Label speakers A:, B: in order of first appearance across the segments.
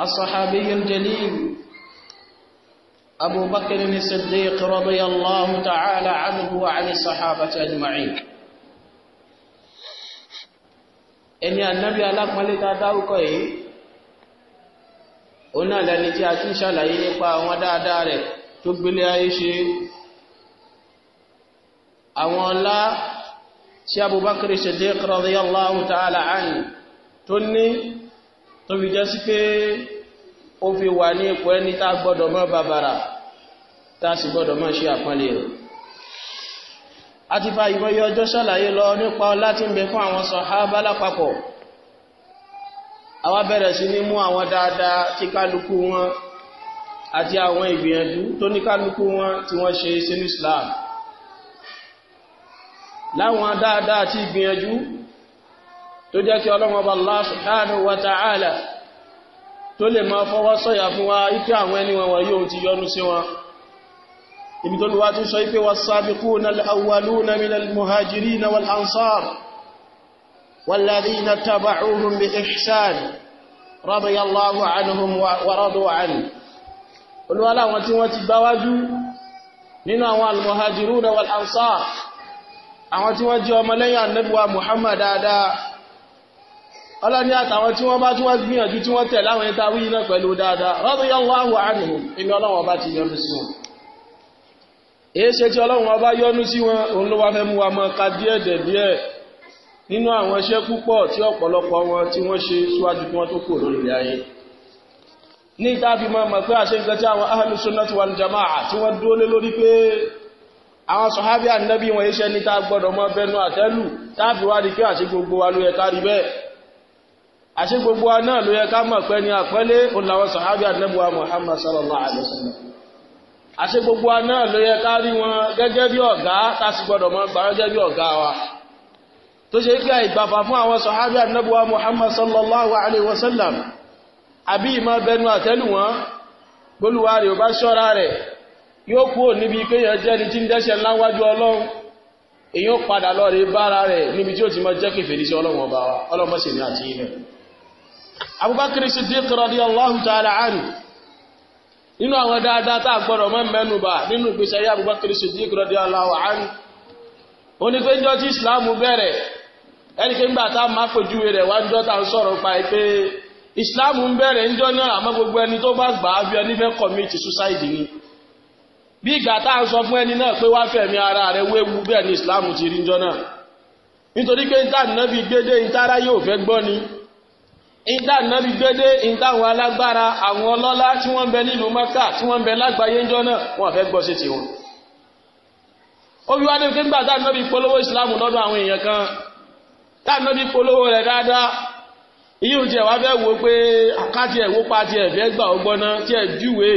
A: الصحابي الجليل أبو بكر الصديق رضي الله تعالى عنه وعن الصحابة أجمعين ẹni ànábì alápọ̀nlé ta dárúkọ yìí òun náà lẹni tí a tún ṣàlàyé nípa àwọn dáadáa rẹ̀ tó gbélé ayé ṣe àwọn ọlá tí Abubakar Siddiq radiyallahu ta'ala anhu tó ní
B: tó fi jẹ́ sí pé ó fi wà ní ipò ẹni tá a gbọ́dọ̀ mọ́ bàbàrà tá a sì gbọ́dọ̀ mọ́ ṣe àpọ́nlé rẹ̀ a ti fa ìmọ̀ye ọjọ́ ṣàlàyé lọ nípa láti ń bẹ fún àwọn sàhábà lápapọ̀ àwa bẹ̀rẹ̀ sí ní mú àwọn dáadáa tí kálukú wọn àti àwọn ìgbìyànjú tó ní kálukú wọn tí wọ́n ṣe sínú Islam láwọn dáadáa àti ìgbìyànjú tó jẹ́ kí ọlọ́run ọba Allah subhanahu wa ta'ala tó lè máa fọwọ́ sọ̀yà fún wa ipé àwọn ẹni wọn wọ̀nyí òun ti yọ́nú sí wọn ibi tó lùwá tún sọ ipé was-sabiquna al-awwaluna minal muhajirina wal ansar والذين ọlọ́ni àtàwọn tí wọ́n bá tún wọ́n gbìyànjú tí wọ́n tẹ̀ láwọn ẹta wíyí náà pẹ̀lú dáadáa radiyallahu anhum èmi ọlọ́run ọba ti yọ́nú sí wọn èé ṣe tí ọlọ́run ọba yọ́nú sí wọn òun ló wá fẹ́ mú wa mọ́ ká díẹ̀ dẹ̀ díẹ̀ nínú àwọn iṣẹ́ púpọ̀ tí ọ̀pọ̀lọpọ̀ wọn tí wọ́n ṣe síwájú kí wọ́n tó kò lórí ilẹ̀ ayé ní ìtàbí máa mọ̀ pé àṣẹ nǹkan tí àwọn ahlu sunnati wal jama'a tí wọ́n dúró lé lórí pé àwọn sọ̀hábí ànábì wọn iṣẹ́ níta gbọ́dọ̀ mọ́ bẹnu àtẹ́lù táàbí wá àṣẹ gbogbo wa ló yẹ ká bẹ́ẹ̀ àṣẹ gbogbo wa náà ló yẹ ká mọ̀ pé ní àpẹẹlẹ òǹlàwọ̀ sàhábì Muhammad sallallahu alaihi wasallam gbogbo wa náà ló yẹ ká rí wọn gẹ́gẹ́ bí ọ̀gá tá a sì gbọ́dọ̀ mọ̀ gbà gẹ́gẹ́ bí ọ̀gá wa tó ṣe pé àìgbàfà fún àwọn sàhábì àdínẹ́bùwà Muhammad sallallahu alaihi wasallam àbí ìmọ̀ bẹnu àtẹ́lù wọn gbólúwa rẹ̀ ò bá ṣọ́ra rẹ̀ yóò kúrò níbi jẹ́ ni tí ń láwájú ọlọ́run padà bára rẹ̀ níbi tí ó ti mọ jẹ́ sí ọlọ́run ọba wa abubakar siddiq radiyallahu ta'ala anhu nínú àwọn dáadáa ta a mọ mọ́ nínú ìgbésẹ̀ ayé abubakar siddiq radiyallahu anhu ó ń jọ́ islam bẹ̀rẹ̀ ẹni pé ńgbà tá a máa pèjúwe rẹ̀ wá ń islam ń bẹ̀rẹ̀ ń jọ́ náà àmọ́ gbogbo ẹni tó bá gbà á bí ẹni fẹ́ ni bí ìgbà tá a sọ fún ẹni náà pé fẹ̀mí ara rẹ̀ islam ti rí ń jọ́ náà nítorí pé ń tà nínú ìdá nàbí gbédé ìdá àwọn alágbára àwọn ọlọ́lá tí wọ́n ń bẹ nílùú mẹ́ta tí wọ́n ń bẹ lágbàáyé ńjọ́ náà wọ́n fẹ́ gbọ́ sí tiwọn. ó fi wá ní kíńgbà tá nàbí polówó ìsìláàmù lọ́dọ̀ àwọn èèyàn kan tá nàbí polówó rẹ̀ dáadáa ìyí ò jẹ́ wá fẹ́ wo pé àkáàtì ẹ̀ wó pàtì gbà ọgbọ́n náà tí ẹ̀ júwe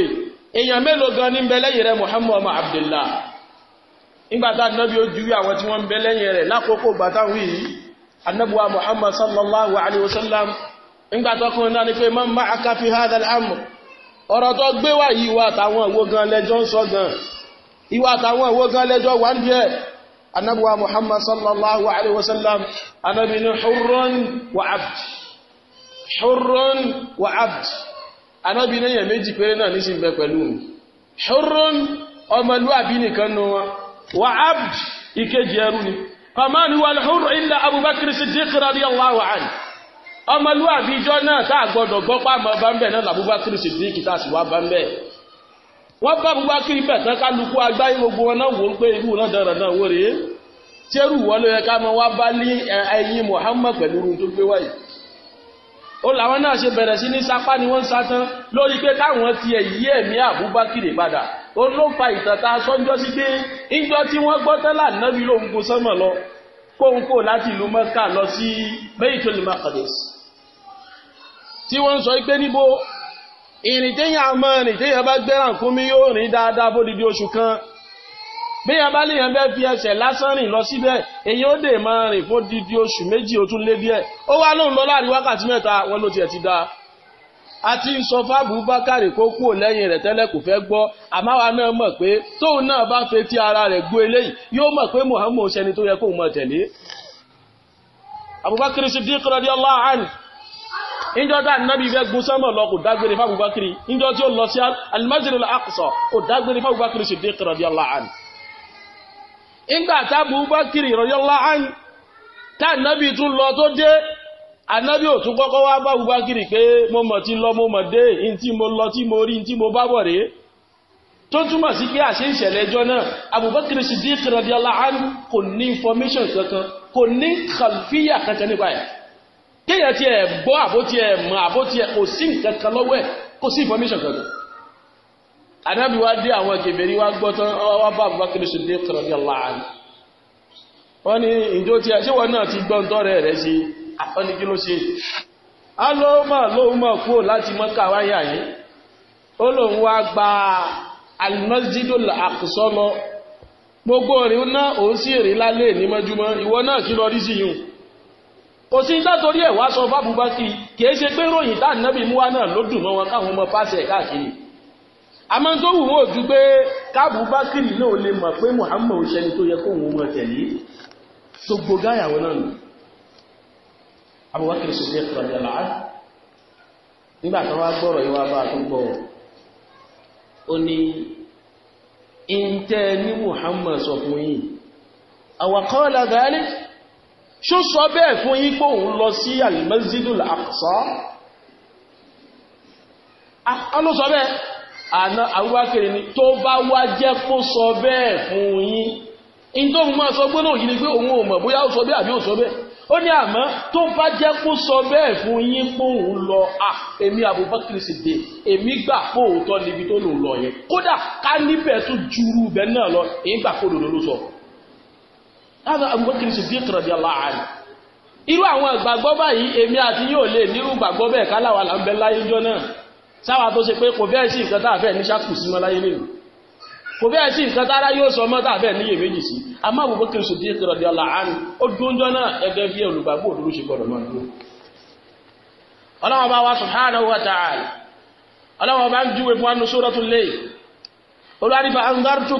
B: èèyàn mélòó gan ní ń bẹ lẹ́yìn Abdullah nígbà tá nàbí ó júwe àwọn tí wọ́n ń bẹ lẹ́yìn rẹ̀ lákòókò gbàtàwí yìí anabuwa Muhammad sallallahu alaihi wasallam nígbàtọ́kùnrin náà ni pé man ma'aka fi hadha al-amr ọ̀rọ̀ tó gbé wá yìí wà táwọn ìwó gan lẹ́jọ́ ń sọ gan ìwà táwọn ìwó gan lẹ́jọ́ wà ń bí ẹ̀ anábíwá muhammad sallallahu alaihi wasallam anábí ni hurrun wa abd hurrun wa abd anábí ni èèyàn méjì péré náà ní sí pẹ̀lú mi hurrun ọmọlúwàbí nìkan nu wọn wa abd ìkejì ẹrú ni faman huwa al abubakar siddiq radiyallahu anhu ọmọlúwàbí ìjọ náà tá a gbọdọ̀ gbọ́ pa àmọ́ bá ń bẹ̀ náà làbúbákiri sìdíkì tá a sì wá bá ń bẹ̀ wọ́n bá àbúbákiri bẹ̀ tán kálukú agbáyé gbogbo wọn náà wò ó pé irú náà dára náà wò rèé tẹ́rù wọ́n ló yẹ ká mọ wá bá ní ẹ̀yìn Muhammad pẹ̀lú irun tó gbé wáyé ó làwọn náà ṣe bẹ̀rẹ̀ sí ní sápá ni wọ́n ń sá tán lórí pé káwọn ti ẹ̀yí ẹ̀mí àbúbákiri padà ó ló fa ìtàta sọ́njọ́ sí pé ńjọ́ tí wọ́n gbọ́ tẹ́lá nábì lóhun lọ kóhun kó láti ìlú Mẹ́kà lọ sí tí wọ́n ń sọ pé níbo ìrìn téèyàn àmọ́ ìrìn téèyàn bá gbẹ́ràn fún mi yóò rìn dáadáa bódidi oṣù kan béèyàn bá léèyàn bẹ́ẹ̀ fi ẹsẹ̀ lásán rìn lọ síbẹ̀ èyí ó dè máa rìn fún dídí oṣù méjì ó tún lé díẹ̀ ó wá lóun lọ láàrin wákàtí mẹ́ta wọn ló tiẹ̀ ti da a ti ń sọ fáàbù bákàrè kó kúrò lẹ́yìn rẹ̀ tẹ́lẹ̀ kò fẹ́ gbọ́ àmọ́ àwa náà mọ̀ pé tóun náà bá fetí ara rẹ̀ gbọ́ eléyìí yóò mọ̀ pé Muhammad ṣẹni tó yẹ kóun mọ̀ tẹ̀lé Abubakar Siddiq radiyallahu anhu ìjọta ànábì fẹ́ gun sánmọ̀ lọ kò dágbére fún Abubakar ìjọ tí ó lọ sí al-Masjid al-Aqsa kò dágbére fún Abubakar Siddiq radiyallahu anhu ìgbà tá Abubakar radiyallahu anhu tá ànábì tún lọ tó dé ànábì ò tún kọ́kọ́ wá bá Abubakar pé mo mọ̀ tí lọ mo mọ̀ dé in tí mo lọ tí mo rí in mo bá bọ̀ rèé tó túmọ̀ sí pé àṣẹ ìṣẹ̀lẹ̀ ẹjọ́ náà Abubakar Siddiq radiyallahu anhu kò ní information kankan kò ní kàlfíyà kankan nípa ẹ̀ kéèyàn ti ẹ̀ gbọ́ àbótí ẹ̀ mọ̀ àbótí ẹ̀ kò sí nǹkan kan lọ́wọ́ ẹ̀ kò sí information kankan anábì wá dé àwọn kèbèrè wá gbọ́ tán wá bá àbúrò kiri sùn ní kọ̀rọ̀dí aláàánú wọ́n ní ìjọ tí ẹ ṣé wọn náà ti gbọ́n tọ́rẹ̀ rẹ̀ ṣe àfọ́ni kí ló ṣe á ló mọ̀ ló mọ̀ kúrò láti mọ́kà wáyà yìí ó lòun wá gba al-Masjidul lọ gbogbo rìn náà òun sì rìn lálẹ́ ní ìwọ náà kí lọ rí sí yìí kò sí sátorí ẹ̀ wá sọ fábùbá kí kìí ṣe pé ròyìn tá nàbì mú wá náà ló dùn mọ́ wọn káwọn ọmọ pàṣẹ káàkiri àmọ́ tó wù wọ́n ju pé kábùbá kìrì náà lè mọ̀ pé Muhammad òṣèlú tó yẹ kó wọn mọ̀ tẹ̀lé gbogbo gáyàwó náà nù Abubakar sọ̀rọ̀ ẹ̀kọ́ ọ̀dẹ̀ làá nígbà tó wá gbọ́rọ̀ yìí wá bá ṣó sọ bẹ́ẹ̀ fún yín pé òun lọ sí al-Masjidul Aqsa alósọ bẹ́ẹ̀ àna àwúwákèrè ni tó bá wá jẹ́ kó sọ bẹ́ẹ̀ fún yín in tó mú máa sọ gbóná yìí ni pé òun ò mọ̀ bóyá ó sọ bẹ́ẹ̀ àbí ó sọ bẹ́ẹ̀ ó ní àmọ́ tó bá jẹ́ kó sọ bẹ́ẹ̀ fún yín pé òun lọ à èmi Abubakar Siddiq èmi gbà pé òótọ́ níbi tó lò lọ yẹn kódà ká níbẹ̀ tó juru ibẹ̀ náà lọ èyí gbà pé òdòdó ló sọ. láti Abubakar Siddiq radiyallahu anhu irú àwọn ìgbàgbọ́ báyìí èmi àti yóò lè nírú ìgbàgbọ́ bẹ́ẹ̀ káláwà là ń bẹ láyé jọ náà sáwà tó ṣe pé kò bẹ́ẹ̀ sí nǹkan tá a fẹ́ ní ṣàkù sí mọ́ láyé nínú kò bẹ́ẹ̀ sí nǹkan tára yóò sọ mọ́ tá a fẹ́ níyè méjì sí àmọ́ ó náà ẹgbẹ́ bí olùgbàgbọ́ òdúró ṣe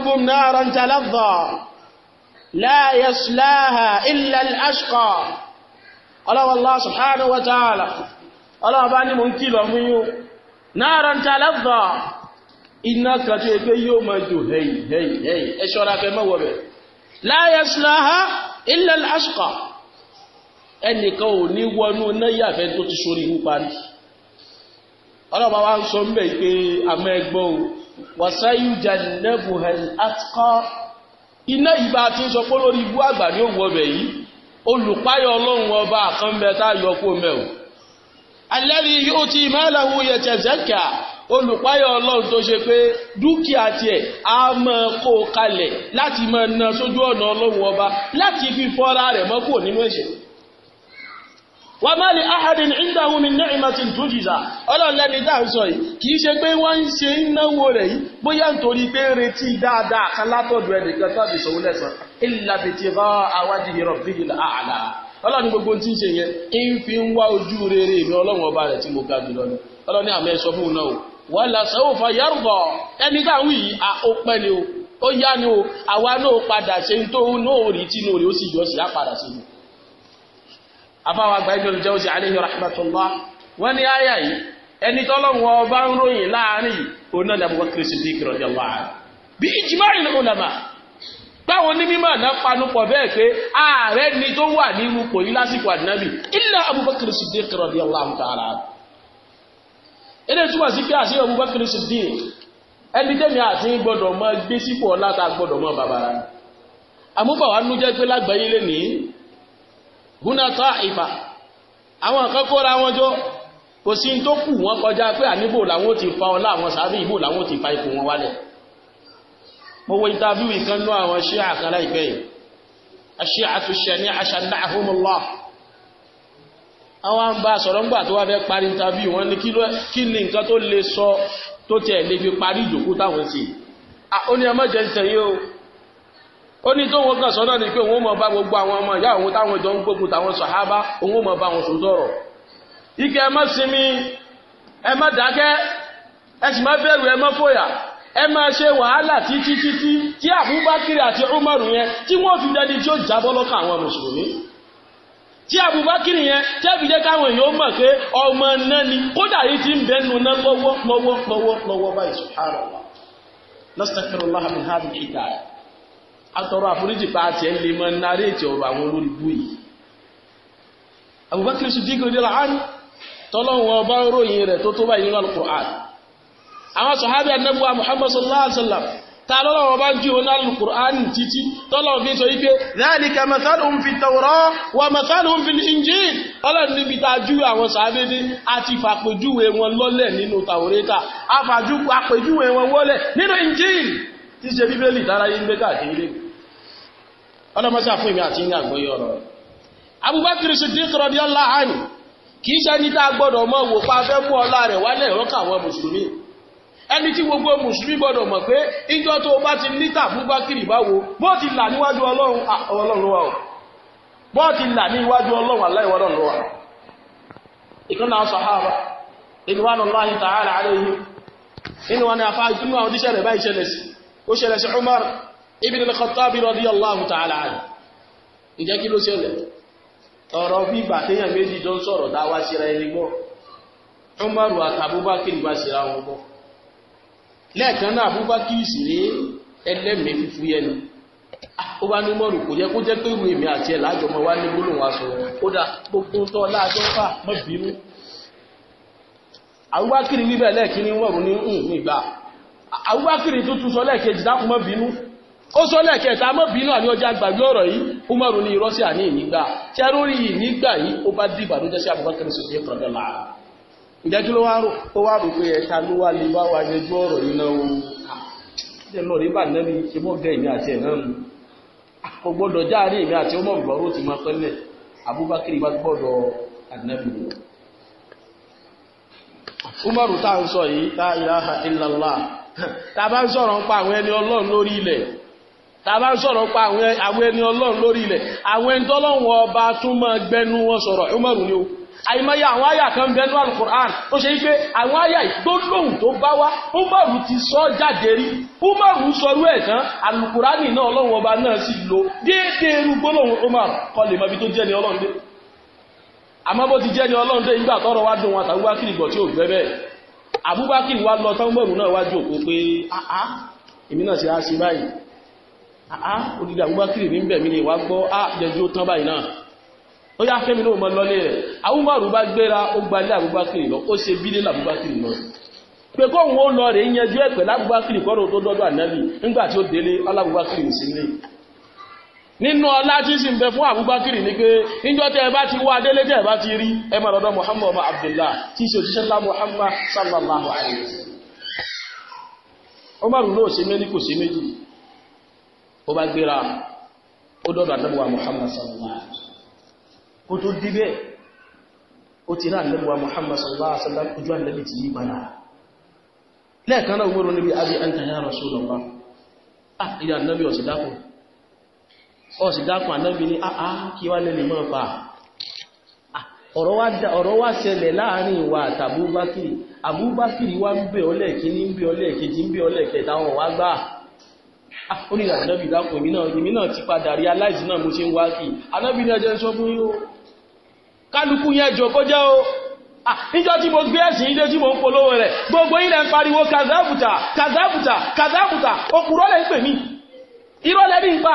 B: gbọ́dọ̀ máa لا يصلاها إلا الأشقى الله الله سبحانه وتعالى الله باني منكي لهم نارا تلظى iná kan tó yẹ pé yóò máa jò hẹ́yì hẹ́yì hẹ́yì ẹ ṣọ́ra fẹ́ mọ́ wọ̀bẹ̀. la yaslaha illa al-ashqa ẹnìkan ò ní wọnú náyàfẹ́ tó iná ìgbà tí ń sọ pé lórí ibú àgbà ní òwò ọbẹ̀ yìí olùpáyọ̀ ọlọ́run ọba àkànbẹ tá a yọ kó mẹ́wò alẹ́rí yóò ti ìmọ̀lẹ́wò yẹtẹ̀zẹ́kà olùpáyọ̀ ọlọ́run tó ṣe pé dúkìá tiẹ̀ á máa kó kalẹ̀ láti máa na sójú ọ̀nà ọlọ́run ọba láti fi fọ́ra rẹ̀ mọ́kò nínú ẹ̀ṣẹ̀ wà má lè áhàdìn ìdáhùn mi nẹ́ẹ̀mà ti tó jìzà ọlọ́lẹ́ni dáa sọ yìí kìí ṣe pé wọ́n ń ṣe náwó rẹ̀ yìí bóyá nítorí pé retí dáadáa kan látọ̀dọ̀ ẹnìkan tàbí sọ̀wọ́ lẹ́sàn ìlàbẹ̀ ti bá awájú yẹrọ bíi àlà ọlọ́ni gbogbo tí ń ṣe yẹn ń fi ń wá ojú rere ìmí ọlọ́run ọba rẹ̀ tí mo ga jùlọ ni ọlọ́ni àmọ́ ẹ̀ṣọ́ fún un náà o wà afáwọn àgbà Ibn al-Jawzi alayhi rahmatullah wọ́n ní àyà yìí ẹni tọ́lọ́wọ́ bá ń ròyìn láàrin yìí òun náà ni Abubakar Siddiq radiyallahu anhu bí ijma'il ulama báwọn ní mímọ̀ náà panupọ̀ bẹ́ẹ̀ pé ààrẹ ni tó wà ní ipò yìí lásìkò ànábì illa Abubakar Siddiq radiyallahu ta'ala ilé túmọ̀ sí pé àṣẹ Abubakar Siddiq ẹni tẹ́mi àti gbọ́dọ̀ máa gbé sípò ọlá ta húnà tó àìfà àwọn kan kóra wọn jọ kò sí tó kù wọn kọjá pé àníbò làwọn ti fa ọlá àwọn sàbí ìbò làwọn ti fa ipò wọn wálẹ̀ mo wo interview kan nú àwọn ṣé àkàlà ìgbẹ́ yìí ṣé àtúnṣe ní aṣáná àhómọlá àwọn àǹbá sọ̀rọ̀ ńgbà tó wá fẹ́ parí interview wọn ní kí ni nǹkan tó lè sọ tó tiẹ̀ lè fi parí ìjòkó táwọn sí ó ní ọmọ jẹ́ ń tẹ̀yé o ó ní tó wọn kàn sọ́nà ni pé òun ó mọ̀ bá gbogbo àwọn ọmọ ìyá òun táwọn ìjọ ń gbógun táwọn sàhábà òun ó mọ̀ bá wọn sòótọ́ ọ̀rọ̀ ike ẹ má sinmi ẹ má dákẹ́ ẹ sì má bẹ̀rù ẹ má fòyà ẹ má ṣe wàhálà títí títí tí Abubakar àti Umaru yẹn tí wọ́n fi dẹni tí ó jábọ́ lọ́kàn àwọn mùsùlùmí tí Abubakar yẹn tẹ́bi jẹ́ káwọn èèyàn mọ̀ pé ọmọ náà ni kódà yìí ti ń bẹnu náà lọ́wọ́ lọ́wọ́ lọ́wọ́ báyìí atọrọ àforíjì pa àti ẹ̀ lè máa náréètì ọ̀rọ̀ àwọn olórí bú yìí Abubakar Siddiq radiyallahu anhu tọ́lọ́wọ́ ọba ròyìn rẹ̀ tó tó báyìí nínú Al-Qur'an àwọn sọ̀hábí anábúwa Muhammad sallallahu alaihi wasallam ta lọ́lọ́wọ́ bá jí wọn Al-Qur'an títí tọ́lọ́wọ́ fi sọ ipé dhalika mathaluhum fi Tawrah wa mathaluhum fi Injil ọlọ́run níbi ta jú àwọn sàábé ní àti fàpèjúwe wọn lọ́lẹ̀ nínú Tawreta àfàjú àpèjúwe wọn wọ́lẹ̀ nínú Injil tí ṣe bíbélì táráyé ń gbé káàkiri lé ọlọ́mọṣà fún ìmí àti ìyàgbọ́ yọ ọ̀rọ̀ rẹ̀ Abubakar Siddiq radiyallahu anhu kì í tá a gbọ́dọ̀ mọ̀ wò pa fẹ́ mú ọlá rẹ̀ wálẹ̀ ìrọ́kà àwọn mùsùlùmí ẹni tí gbogbo mùsùlùmí gbọ́dọ̀ mọ̀ pé ìjọ tó bá ti bó ti là níwájú ọlọ́run ó ṣẹlẹ̀ sí Umar ibn al-Khattab radiyallahu ta'ala anhu ìjẹ́ kí ló ṣẹlẹ̀ ọ̀rọ̀ bí ìgbà téèyàn méjì jọ ń sọ̀rọ̀ dáwà síra ẹni gbọ́ Umar àti Abubakar bá síra wọn gbọ́ lẹ́ẹ̀kan náà Abubakar sì ní ẹlẹ́mìí fífú yẹnu ó bá ní mọ́rù kò kó jẹ́ pé àti ẹ̀ wá ní gbólóhùn aṣọ ó Abubakar lẹ́ẹ̀kí ní ní Abubakiri tó tún sọ lẹ́ẹ̀kejì dákun mọ́ bínú ó sọ lẹ́ẹ̀kẹta mọ́ bínú àní ọjà gbàgbé ọ̀rọ̀ yìí Umaru ní irọ́ sí àní ìnígbà tí ẹrú rí ìnígbà yìí ó bá dìgbà ló jẹ́ sí Abubakiri sọ yẹ kọ̀ọ̀dọ̀ là ǹjẹ́ kí ló wá rò ó wá rò pé ẹ̀ka ló wá lè bá wa yẹjú ọ̀rọ̀ yìí náà o ṣe lọ rí bàdàn ní ṣe mọ́ gẹ̀ èmi àti ẹ̀ náà kò gbọ́dọ̀ jáàrí èmi àti ọmọ ìgbọ́rọ̀ ti máa pẹ́lẹ̀ Abubakiri bá gbọ́dọ̀ àdínábì Umaru táà ń sọ yìí la ilaha illallah tàbá ń sọ̀rọ̀ ń pa àwọn ẹni ọlọ́run lórí ilẹ̀ tàbá ń sọ̀rọ̀ ń pa àwọn ẹni ọlọ́run lórí ilẹ̀ àwọn ẹni tọ́lọ́run ọba tún máa gbẹnu wọn sọ̀rọ̀ Umaru ni o àìmọye àwọn àyà kan bẹnu alukur'an tó ṣe pé àwọn àyà ìgbólóhùn tó bá wá Umaru ti sọ jáde rí Umaru sọrú ẹ̀ tán alukur'ani náà ọlọ́run ọba náà sì lò déédéé irú gbólóhùn Umaru kò lè mọ ibi tó jẹ́ ni ọlọ́run dé àmọ́ bó ti jẹ́ ni ọlọ́run dé ìgbà tọ́rọ̀ wá dùn wọn àtàwọn akínìgbọ̀ tí ò gbẹ́ bẹ́ẹ̀ abubakir wa lọ tọ́gbọ̀rù náà wájú òkú pé àá èmi náà ti á sí báyìí àá odidi Abubakar ní bẹ̀mí ni wá gbọ́ á jẹjú ó tán báyìí náà ó yá fẹ́mi ló mọ lọlé rẹ̀ Abubakar bá gbéra ó gbalé Abubakar lọ ó ṣe bílé Abubakar lọ pé kóhun ó lọ rè é yanjú ẹ̀pẹ̀ lábúbákìrì kọ́rọ̀ tó dọ́dọ̀ ànábì nígbà tí ó délé nínú ọlá tí bẹ fún àbúbákìrì ní pé níjọ́ ẹ ti wá délé tẹ́ ẹ bá ti rí ẹ máa lọ́dọ̀ muhammad abdullah tí ṣe òṣìṣẹ́ ńlá sallallahu alayhi wa sallam ọmọrùn náà ṣe méjì kò ṣe méjì ó bá gbéra ó dọ́dọ̀ àdẹ́bùwà muhammad sallallahu alayhi wa sallam kó tó díbẹ̀ ó ti sallallahu alayhi wa sallam ojú ti yí lẹ́ẹ̀kan náà níbi ya rasulullah ah ìyá ọ̀sẹ̀ dákùn ọ̀sì dákùn ànábì ní àá ah, ah, kí wá lẹ́nu mọ́ pa ọ̀rọ̀ wá ṣẹlẹ̀ láàrin ìwà àtàbúbákìrì àbúbákìrì wá ń bẹ̀ ọlẹ́ẹ̀kíní ń bẹ̀ ọlẹ́ẹ̀kejì ń bẹ̀ ọlẹ́ẹ̀kẹta wá ah, ti o níjọ́ tí mo gbé ẹ̀sìn ilé tí mo ń polówó rẹ̀ gbogbo ilẹ̀ ń pariwo kàzáàbùtà kàzáàbùtà kàzáàbùtà ń pè mí ní pa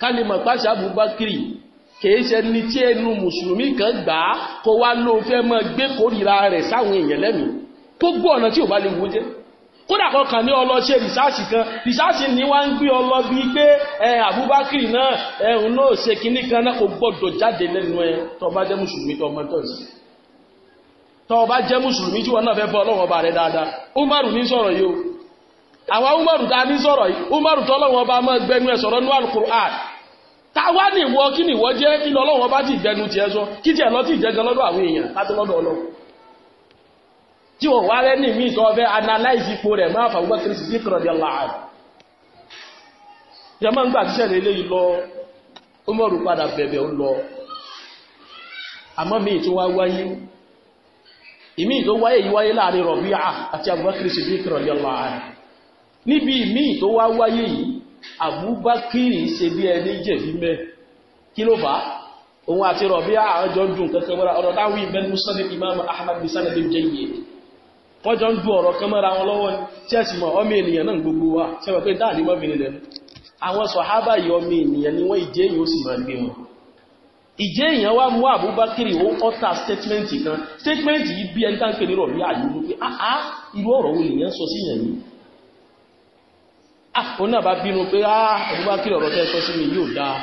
B: kálímọ̀ pàṣẹ Abubakiri kìí ṣe ní tí ẹnu mùsùlùmí kan gbà á kó wá ló fẹ́ mọ́ gbé kórìíra rẹ̀ sáwọn èèyàn lẹ́mìí gbogbo ọ̀nà tí ò bá lè wo jẹ́ kódà kọkàn ní ọlọ ṣe rìsáàsì kan rìsáàsì ni wá ń gbé ọlọ bíi pé ẹ Abubakar náà ẹhùn náà ṣe kinní kan náà kò gbọ́dọ̀ jáde lẹ́nu ẹ tó bá jẹ́ mùsùlùmí tó ọmọ tó yìí tó bá jẹ́ mùsùlùmí tí wọn náà fẹ́ bọ Ọlọ́run ọba rẹ̀ dáadáa Umaru ní sọ̀rọ̀ yìí o àwọn umaru tá a sọ̀rọ̀ yìí umaru tó ọlọ́wọ́n bá máa gbẹnu ẹ̀ sọ̀rọ̀ ní alukur'an táwa ní ìwọ kí ni ìwọ jẹ́ kí ni ọlọ́wọ́n bá ti gbẹnu tiẹ̀ sọ kí tiẹ̀ lọ ti jẹ́ gan lọ́dọ̀ àwọn èèyàn láti lọ́dọ̀ ọlọ́wọ́ tí wọ́n wá rẹ́ ní míì tó fẹ́ analyze ipò rẹ̀ máa fà wọ́n kìrìsì sí kìrọ̀dẹ̀ láàrín jẹmọ́ ń gbà tíṣẹ́ lọ Umaru padà bẹ̀bẹ̀ lọ àmọ́ níbi ìmíì tó wá wáyé yìí Abubakiri ṣe bí ẹni jẹ̀bi mẹ́ kí ló fà òun àti rọ̀bí àjọ ń dùn kankan mọ́ra ọ̀rọ̀ táwọn ìbẹ́ musani imam ahmad bisani ló jẹ́ iye wọ́n ń dùn ọ̀rọ̀ kan mọ́ra wọn lọ́wọ́ tí mọ̀ ọmọ ènìyàn náà gbogbo wa ṣe wọ́n pé dáàdì mọ́ bìnrin lẹ́nu àwọn sọ̀hábà yìí ọmọ ènìyàn ni wọ́n ìjẹ́ ó sì máa gbé wọn ìjẹ́ èèyàn wá mú ó statement kan statement yìí bí ẹni ní rọ̀bí àyè Ah, òun náà bá bínú pé ah Abubakar ọ̀rọ̀ tẹ́ sọ sí mi yóò dáa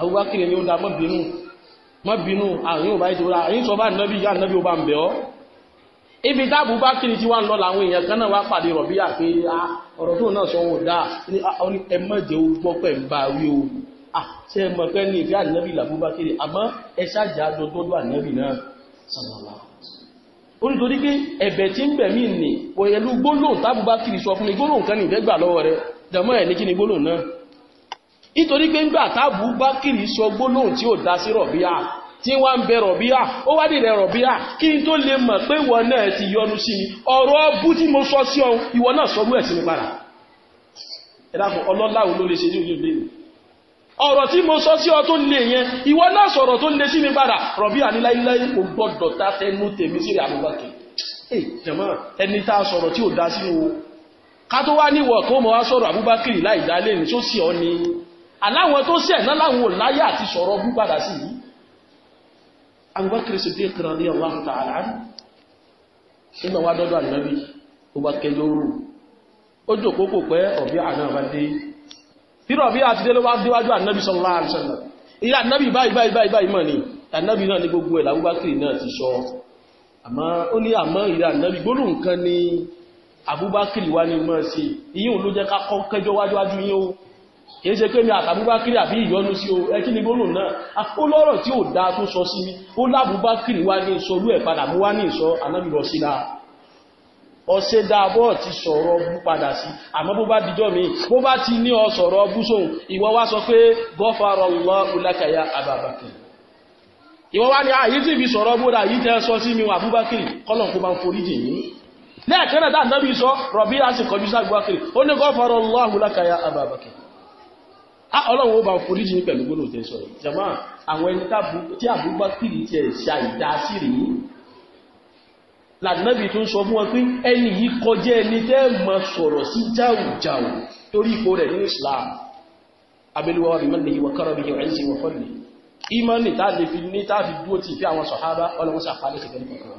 B: Abubakar ni ó dáa mọ́ bínú mọ́ bínú àyín ah, ò bá ìṣòro àyín ah, sọ bá nàbí ìyá nàbí ó bá ń bẹ̀ ọ́ ibi tá Abubakar ti wá ń lọ làwọn èèyàn kan náà wá pàdé Rọ̀bíyà pé ah ọ̀rọ̀ tó náà sọ wọn ò dáa ẹ mọ̀ jẹ́ orúkọ pẹ̀ ń bá wí o ṣe mọ̀ pé ní ìfẹ́ ànábì làbúbákiri àmọ́ ẹ ṣáàjà dọdọdọ ànábì náà sàmàlà ó nítorí pé ẹ̀bẹ̀ tí ń bẹ̀mí nì pẹ̀lú gbólóhùn tábùbá kiri sọ fún mi gbólóhùn kan lọ́wọ́ rẹ̀ dẹ̀mọ́ ẹ̀ ní kí ni gbólóhùn náà nítorí pé ńgbà tábùbá kiri sọ o tí ó dá sí rọ̀bíà tí wá ń bẹ rọ̀bíà ó wá dìrẹ̀ rọ̀bíà kí n tó lè mọ̀ pé ìwọ náà ti yọnu sí mi ọ̀rọ̀ ọbú tí mo sọ sí ọ ìwọ náà sọ ọ̀rọ̀ tí mo sọ sí ọ tó lè yẹn ìwọ náà sọ̀rọ̀ tó lè sí mi padà rọ̀bí àníláyíláyí kò gbọ́dọ̀ ta tẹnu tèmi sí àbúgbàtò ẹni tá sọ̀rọ̀ tí ò dá sí wo ká tó wá níwọ̀ kó mọ̀ wá sọ̀rọ̀ àbúbákìrì láì dá tó sì ọ ni aláwọn tó sì ẹ̀ná láwọn ò láyé àti sọ̀rọ̀ bú padà sí yìí àbúbákìrì sì dé kìrọ̀ ní ọ̀lá tààlà nígbà wá dọ́dọ̀ ànábì ó bá kẹjọ́ rù ó jòkó kò pẹ́ tí rọ̀bí àti dé ló wá déwájú ànábì sallallahu alaihi wasallam ìyá ànábì báyìí báyìí báyìí báyìí mọ̀ ni sọ àmọ́ ni àbúbákìrì wá ní mọ́ sí iye òun ló jẹ́ ká kẹjọ wájúwájú yín o kìí ṣe pé mi àtàbúbákìrì àbí ìyọnu sí o ẹ kí ni gbóló náà ó lọ́rọ̀ tí ò dáa tó sọ sí mi ó lábúbákìrì wá ní ìsọ olú ẹ̀ padà mú wá ní ìsọ ànábì lọ ọ̀sẹ̀ dáàbọ̀ ti sọ̀rọ̀ ọbú padà sí àmọ́ bó bá dijọ́ mi bó bá ti ní ọ sọ̀rọ̀ ọbú sóhun ìwọ wá sọ pé ghafarallahu laka ya Ababakar ìwọ wá ní àyí ah, tí ibi sọ̀rọ̀ ọbú rà yìí tẹ́ sọ sí mi Abubakar kọ́lọ̀n kó máa ń forí jì yín lẹ́ẹ̀kẹ́ náà dáadáa bí sọ rọ̀bí láti kọjú sí Abubakar ó ní ghafarallahu laka ya Ababakar ah, ọlọ́run ó bá ń forí jì ní pẹ̀lú gbọ́dọ̀ tẹ́ sọ̀rọ̀ jama àwọn ẹni tí Abubakar tiẹ̀ ṣàìdásí rèé lànàbì tó ń sọ fún wọn pé ẹni yìí kọjá ẹni tẹ́ mọ sọ̀rọ̀ sí jáùjáù torí ipò rẹ̀ ní Islam abẹ́lúwà wà bímọ́ lèyí wà kọ́rọ̀ bí yẹ̀wà ẹ̀sìn wọ́n fọ́lẹ̀ ìmọ̀ ní táà lè fi ní táà fi dúó ti fi àwọn sọ̀hábà ọlọ́wọ́sà pálẹ̀ kẹ̀kẹ́ nìkan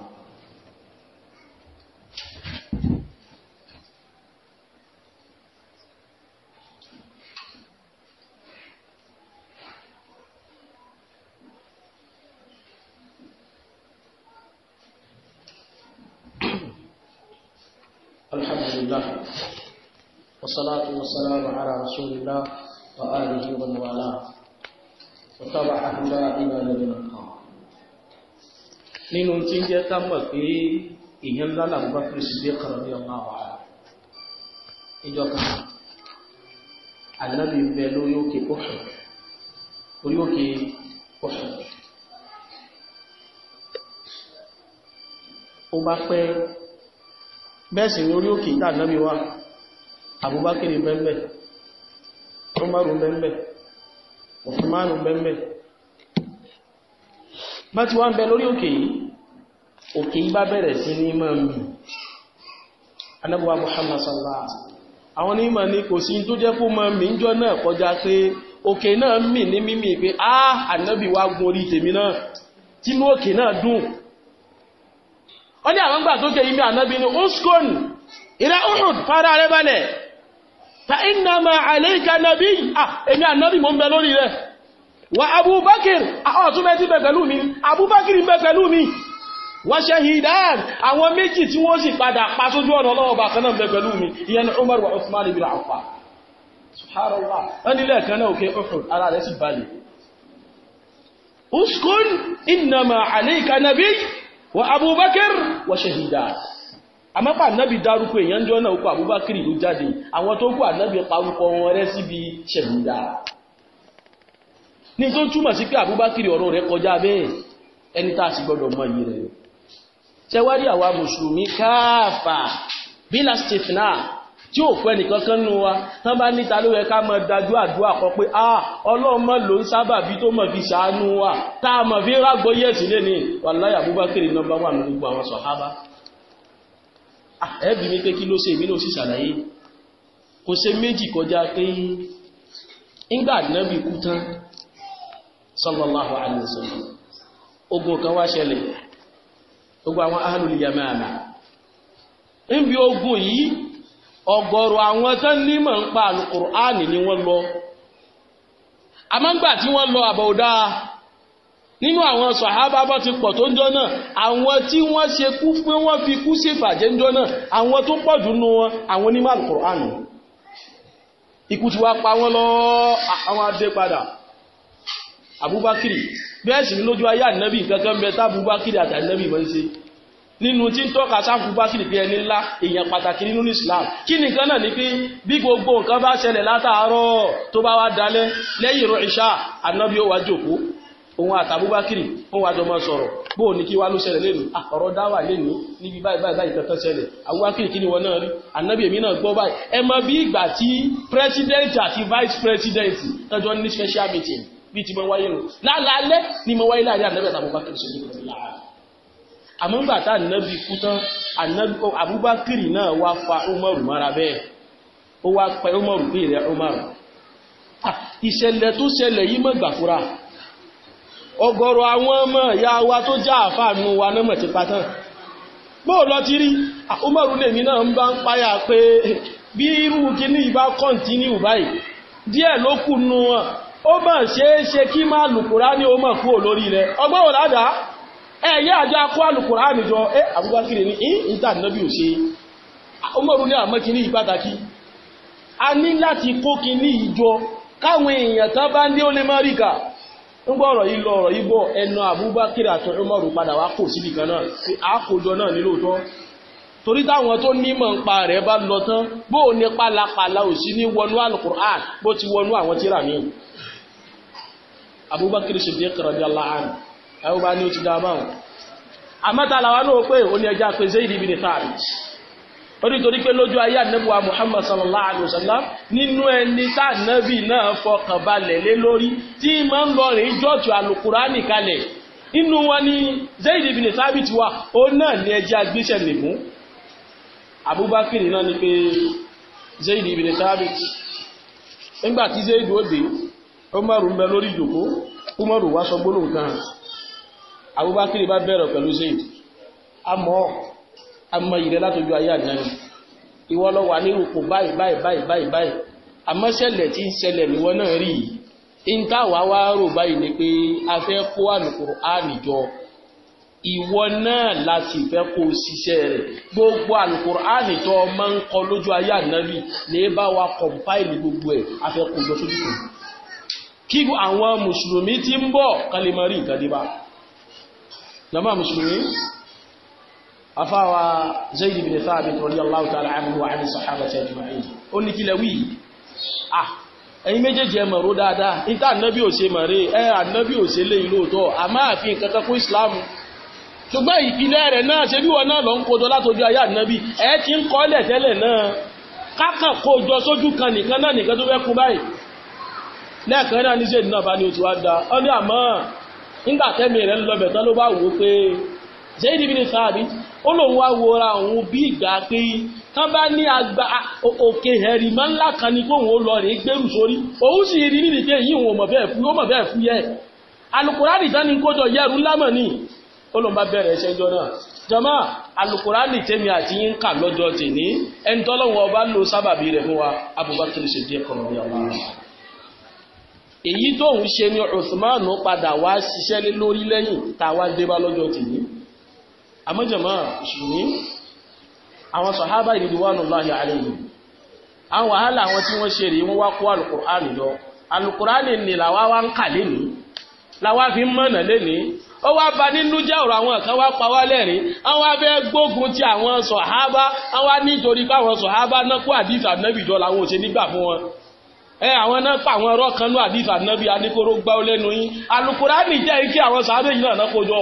A: والصلاة والسلام على رسول الله وآله ومن والاه وتبع هداه إلى يوم القيامة
B: nínú tí ń jẹ́ támọ̀ pé èèyàn ńlá làwọn bá fi ṣiṣẹ́ kọ̀rọ̀ ní ọmọ àwọn ará kan ànábì bẹ lórí òkè òfò orí òkè òfò ó bá pẹ́ bẹ́ẹ̀ sì ní orí òkè tá ànábì wà abubakar bẹ́ẹ̀bẹ̀ umaru bẹ́ẹ̀bẹ̀ usmanu bẹ́ẹ̀bẹ̀ bá ti wá ń bẹ lórí òkè yìí òkè yìí bá bẹ̀rẹ̀ sí ní máa mì anábúwa muhammad sallallahu
A: alaihi wasallam
B: àwọn onímọ̀ ní kò sí tó jẹ́ kó máa mì ń jọ náà kọjá pé òkè náà mì ní mímì pé á ànábì wá gun orí tèmi náà tínú òkè náà dùn wọ́n ní àwọn gbà tó kẹ́ ìmì ànábì ní uskun ila Uhud fara rẹ̀ balẹ̀ fa inna ma alayka nabi ah èmi ànábì mo ń bẹ lórí rẹ̀ wa abubakir ọ̀tún ah, oh, mẹ́tí bẹ pẹ̀lú mi abubakir bẹ pẹ̀lú mi wa shahidan àwọn méjì tí wọ́n sì padà pa sójú ọ̀nà ọlọ́wọ́ bá kanáà bẹ pẹ̀lú mi ìyẹn umar wa usman ibn affan subhanallah wọ́n nílẹ̀ kan náà uhud ara rẹ̀ sì balẹ̀ uskun innama alayka nabi wa abubakir wa shahidan àmọ́pà ànábì dárúkọ èèyàn jọ náà kó àbúbákìrì ló jáde àwọn tó kú ànábì parúkọ wọn rẹ síbi ṣẹ̀dúdà ní tó túmọ̀ sí pé àbúbákìrì ọ̀rọ̀ rẹ kọjá bẹ́ẹ̀ ẹni tá a sì gbọ́dọ̀ mọ iye rẹ̀ ṣẹwárí àwa mùsùlùmí káàfà bílà stefana tí ò fẹ́ nìkan kan nù wa tán bá níta ló yẹ ká mọ dájú àdúrà kan pé a ọlọ́mọ ló ń sábà bí tó mọ̀ fi ṣàánú wa tá a mọ̀ fi rágbóyè sílé ni wàláyà àbúbákìrì nọ́mbà wà ní gbogbo àwọn sọ̀hábà ẹ̀bí mi pé kí ló ṣe ìmínú sí ṣàlàyé kò meji méjì kọjá pé na náàbì kú tán sallallahu alaihi ogun kan wá ṣẹlẹ̀ ogun àwọn ahlul yamama níbi ogun yìí ọ̀gọ̀rọ̀ àwọn tán nímọ̀ ń pa al-Qur'ani ni wọ́n lọ nínú àwọn sàhábà bá ti pọ̀ tó ń jọ náà àwọn tí wọ́n ṣe kú pé wọ́n fi kú sí ìbàjẹ́ ń jọ náà àwọn tó pọ̀ jù nù wọn àwọn onímọ̀ àlùkùránì ikú ti wá pa wọ́n lọ àwọn adé padà abubakiri bẹ́ẹ̀ sì ni lójú ayé ànábì kankan bẹ tá abubakiri àti ànábì máa ń ṣe nínú tí ń tọ́ka sáfúbákìrì pé ẹni ńlá èèyàn pàtàkì nínú Islam kí nìkan náà ní pé bí gbogbo nǹkan bá ṣẹlẹ̀ látàárọ̀ tó bá wá dalẹ́ lẹ́yìn ìrọ̀ ìṣá ànábì ó wá jókòó òun àtàbúbákìrì òun àjọ máa sọ̀rọ̀ bóò ní kí wá ló ṣẹlẹ̀ lẹ́nu ah, ọ̀rọ̀ dáwà lẹ́nu níbi báyìí báyìí báyìí kankan ṣẹlẹ̀ àbúbákìrì kí ni wọn náà rí ànábì èmi náà gbọ́ báyìí ẹ mọ bí ìgbà tí president àti vice president tọjọ́ ní special meeting bíi ti mọ wáyé nù lálálẹ́ ni mo wáyé láàrin ànábì àtàbúbákìrì ṣe ní ìlú àmọ́ nígbà tá ànábì kú tán àbúbákìrì náà wá fa Umaru mọ́ra bẹ́ẹ̀ ó wá pẹ́ Umaru pé ìrẹ́ Umaru ah, ìṣẹ̀lẹ̀ tó ṣẹlẹ̀ yìí mọ̀gbà fúra ọgọrọ àwọn ọmọ ìyá wa tó já àfàànú wa náà mọ̀tí ti bóò lọ ti rí Umaru lèmi náà ń bá ń pé bí irú kíní ìbá báyìí díẹ̀ ló kù nù wọn ó mọ̀ ṣe é ṣe kí má lùkùránì Abubakar ní ìta ṣe ní àmọ́ kíní a ní láti kó kíní ìjọ káwọn èèyàn tán bá ńgbọ́ ọ̀rọ̀ yìí lọ ọ̀rọ̀ yìí bọ̀ ẹnu Abubakar àti Umaru padà wá kò síbi kan náà àkójọ náà ní lóòótọ́ torí táwọn tó nímọ̀ ń pa rẹ̀ bá lọ tán bó o ní pálapàla ò sí ní wọnú alukur'an bó ti wọnú àwọn tíra mi Abubakar Siddiq radiyallahu anhu ẹ̀ ó bá ní o ti dá a báwọn àmọ́ta làwọn náà pé òní ẹja pé Zaid ibn Thabit onítorí pé lójú ayé ànábùwà muhammad sallallahu alayhi wa sallam nínú ẹni tá ànábì náà fọkàn balẹ̀ lé lórí tí máa ń lọ rìn jọ́ọ̀tù alukurani kalẹ̀ inú wọn ni zayd ibn thabit wa ó náà ní ẹjẹ́ agbésẹ̀ nìkún abubakar náà ni pé zayd ibn thabit nígbà tí zayd ó dé umaru ń bẹ lórí ìjòkó umaru wá sọ gbólóhùn kan abubakar bá bẹ̀rẹ̀ pẹ̀lú zayd amọ́ àmọ́ ìrẹ́ látọjú ayé àná ni ìwọ lọ wà ní ipò báyìí báyìí báyìí báyìí báyìí àmọ́ ṣẹlẹ̀ tí ń ṣẹlẹ̀ níwọ náà rí yìí ń táwa wá rò báyìí ni pé a fẹ́ kó àlùkòrò ànìjọ ìwọ náà la sì fẹ́ kó o ṣiṣẹ́ gbogbo àlùkòrò ànìjọ máa ń kọ lójú ayé ànábì lè bá wa kọ̀ǹpáìlì gbogbo ẹ̀ a fẹ́ kó o jọ sójú kan kí àwọn mùsùlùmí ti ń bọ̀ kálí máa rí nǹkan lọ́mọ mùsùlùmí afáwa Zaid bin Thabit radiyallahu ta'ala anhu wa 'an sahabati ajma'in ó ní kílẹ̀ wí ah ẹ̀yin méjèèjì ẹ mọ̀ró dáadáa níta ànábì ò ṣe mọ̀rẹ́ ẹ ànábì ò ṣe léyìn lóòótọ́ àmọ́ àfihàn kankan fún Islam ṣùgbọ́n ìpìlẹ̀ rẹ̀ náà ṣe bí wọn náà lọ ń kojọ látọjú ayé ànábì ẹ ti ń kọ́lẹ̀ tẹ́lẹ̀ náà kákan kojọ sójú kan nìkan náà nìkan tó fẹ́ kú báyìí lẹ́ẹ̀kan náà níṣẹ́ ìdúnàbá ni ó ti wá da ọ ní àmọ́ nígbà tẹ́mi rẹ̀ ń lọ bẹ̀ ló bá wò ó pé Zaid bin Thabit ó lòun wá wora òun bí ìgbà pé kán bá ní àgbà òkè hẹ̀rìmọ́ ńlá kan ni kóun ó lọ rèé gbẹ́rù sórí òun sì rí nínú pé èyí òun ò mọ̀ bẹ́ẹ̀ fú ó mọ̀ bẹ́ẹ̀ fú yẹ alukurani sani kójọ yẹrù lámọ̀ ni ó lòun bá bẹ̀rẹ̀ ẹ̀ṣẹ̀ jọ náà jọmọ́ alukurani tèmi àti yín kà lọ́jọ́ tèmi ẹni tọ́lọ́wọ́ ọba lo sábàbí rẹ̀ fún wa Abubakar Siddiq èyí tóun ṣe ni Usman padà wá ṣiṣẹ́ lórí lẹ́yìn táwa dé bá lọ́jọ́ tèmi àmọ́jọ̀mọ́ ìṣùgbọ́n àwọn sọ̀hábà ridwanullahi alayhim àwọn wàhálà àwọn tí wọ́n ṣe rí wọ́n wá kó alukur'ani lọ alukur'ani ni làwa wá ń kà lẹ́nu làwa fi ń mọ̀nà lẹ́nu ó wá ba nínú jẹ́ ọ̀rọ̀ àwọn kan wá pa wá lẹ́rìn àwọn abẹ́ gbógun ti àwọn sọ̀hábà àwọn nítorí pé àwọn sọ̀hábà náà kó àdìs ànábì jọ làwọn ò ṣe nígbà fún wọn ẹ àwọn náà pa àwọn ọ̀rọ̀ kan ní àdìs ànábì aníkóró gbá ó lẹ́nu yín alukur'ani jẹ́ kí àwọn sàábẹ̀ yìí náà náà kó jọ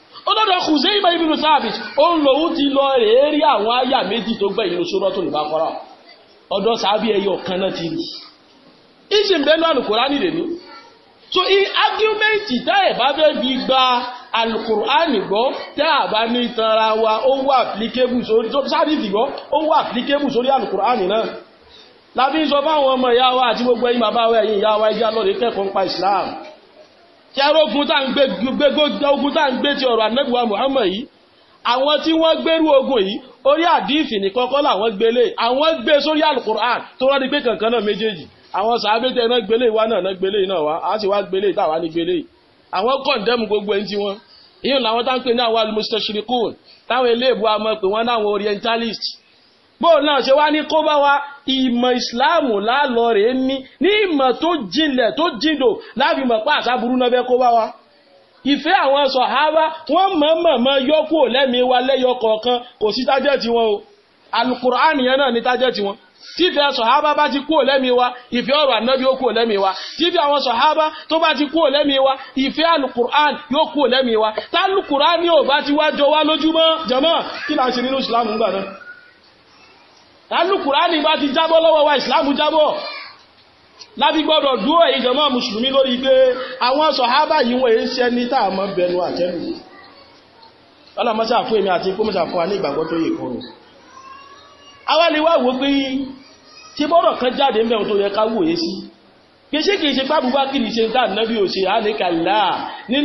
B: ó lọ́dọ̀ Khuzaima ibi Thabit ó ń lòun ti lọ èérí àwọn àyà méjì tó gbẹ̀yìn lóṣù Suratul Baqara ọ̀dọ̀ sàábì ẹyọ kan náà ti rí ìṣe ń bẹ́nu ni so i argument tá ẹ̀ bá fẹ́ fi gba Al-Qur'ani tá a bá ní tanra wa ó wà sórí ọmọ ìyá wa àti gbogbo bàbá wa ṣẹ́rógun tá ń gbé ogun tá ń gbé ti ọ̀rọ̀ anẹ́gbùwà Muhammad yìí àwọn tí wọ́n gbérú ogun yìí orí àdífì nìkan kọ́ làwọn gbélé àwọn gbé sórí alukur'an tó rọ́ di pé kankan náà méjèèjì àwọn sàábẹ́tẹ̀ náà gbélé wa náà náà gbélé náà wá á sì wá gbélé táwa ní gbélé àwọn kọ̀ǹdẹ́mù gbogbo ẹni tí wọ́n bóun náà ṣe wá ní kó bá wa ìmọ̀ ìsìláàmù lálọ́ rẹ̀ ní ní ìmọ̀ tó jinlẹ̀ tó jindò láfi mọ̀ pa àṣà burú náà bẹ́ kó bá wa ìfẹ́ àwọn sọ̀hábà wọ́n mọ̀ọ́mọ̀ yọ́kù lẹ́mìí wa lẹ́yọ kọ̀ọ̀kan kò sí tájẹ́ẹ̀tì wọn o alukur'an yẹn náà ní tájẹ́ẹ̀tì wọn tífẹ́ sọ̀hábà bá ti kú lẹ́mìí wa ìfẹ́ ọ̀rọ̀ ànábì ó kú lẹ́mìí wa tífẹ́ àwọn sọ̀hábà tó bá ti kú lẹ́mìí wa ìfẹ́ alukur'an yóò kú lẹ́mìí wa tálùkùrán yóò bá ti wá jọ wá lójúmọ́ jàmáà kí là ń ṣe nínú ìsìlámù ńgbà náà lálùkùránì bá ti jábọ́ lọ́wọ́ wa ìsìláàmù jábọ́ lábí gbọ́dọ̀ dúró èyí jọmọ́ mùsùlùmí lórí pé àwọn sọ̀hábà yìí wọ́n èyí ṣe ní táàmọ́ bẹnu àtẹ́lù ọlọ́mọ́sá fún èmi àti kómọ́sá fún wa ní ìgbàgbọ́ tó yè kọrù awáliwá wo pé tí bọ́rọ̀ kan jáde mẹ́rin tó yẹ ká wòye sí kìí kìí ṣe fábùbá kìí ṣe tá nàbí òṣè àníkàlá ni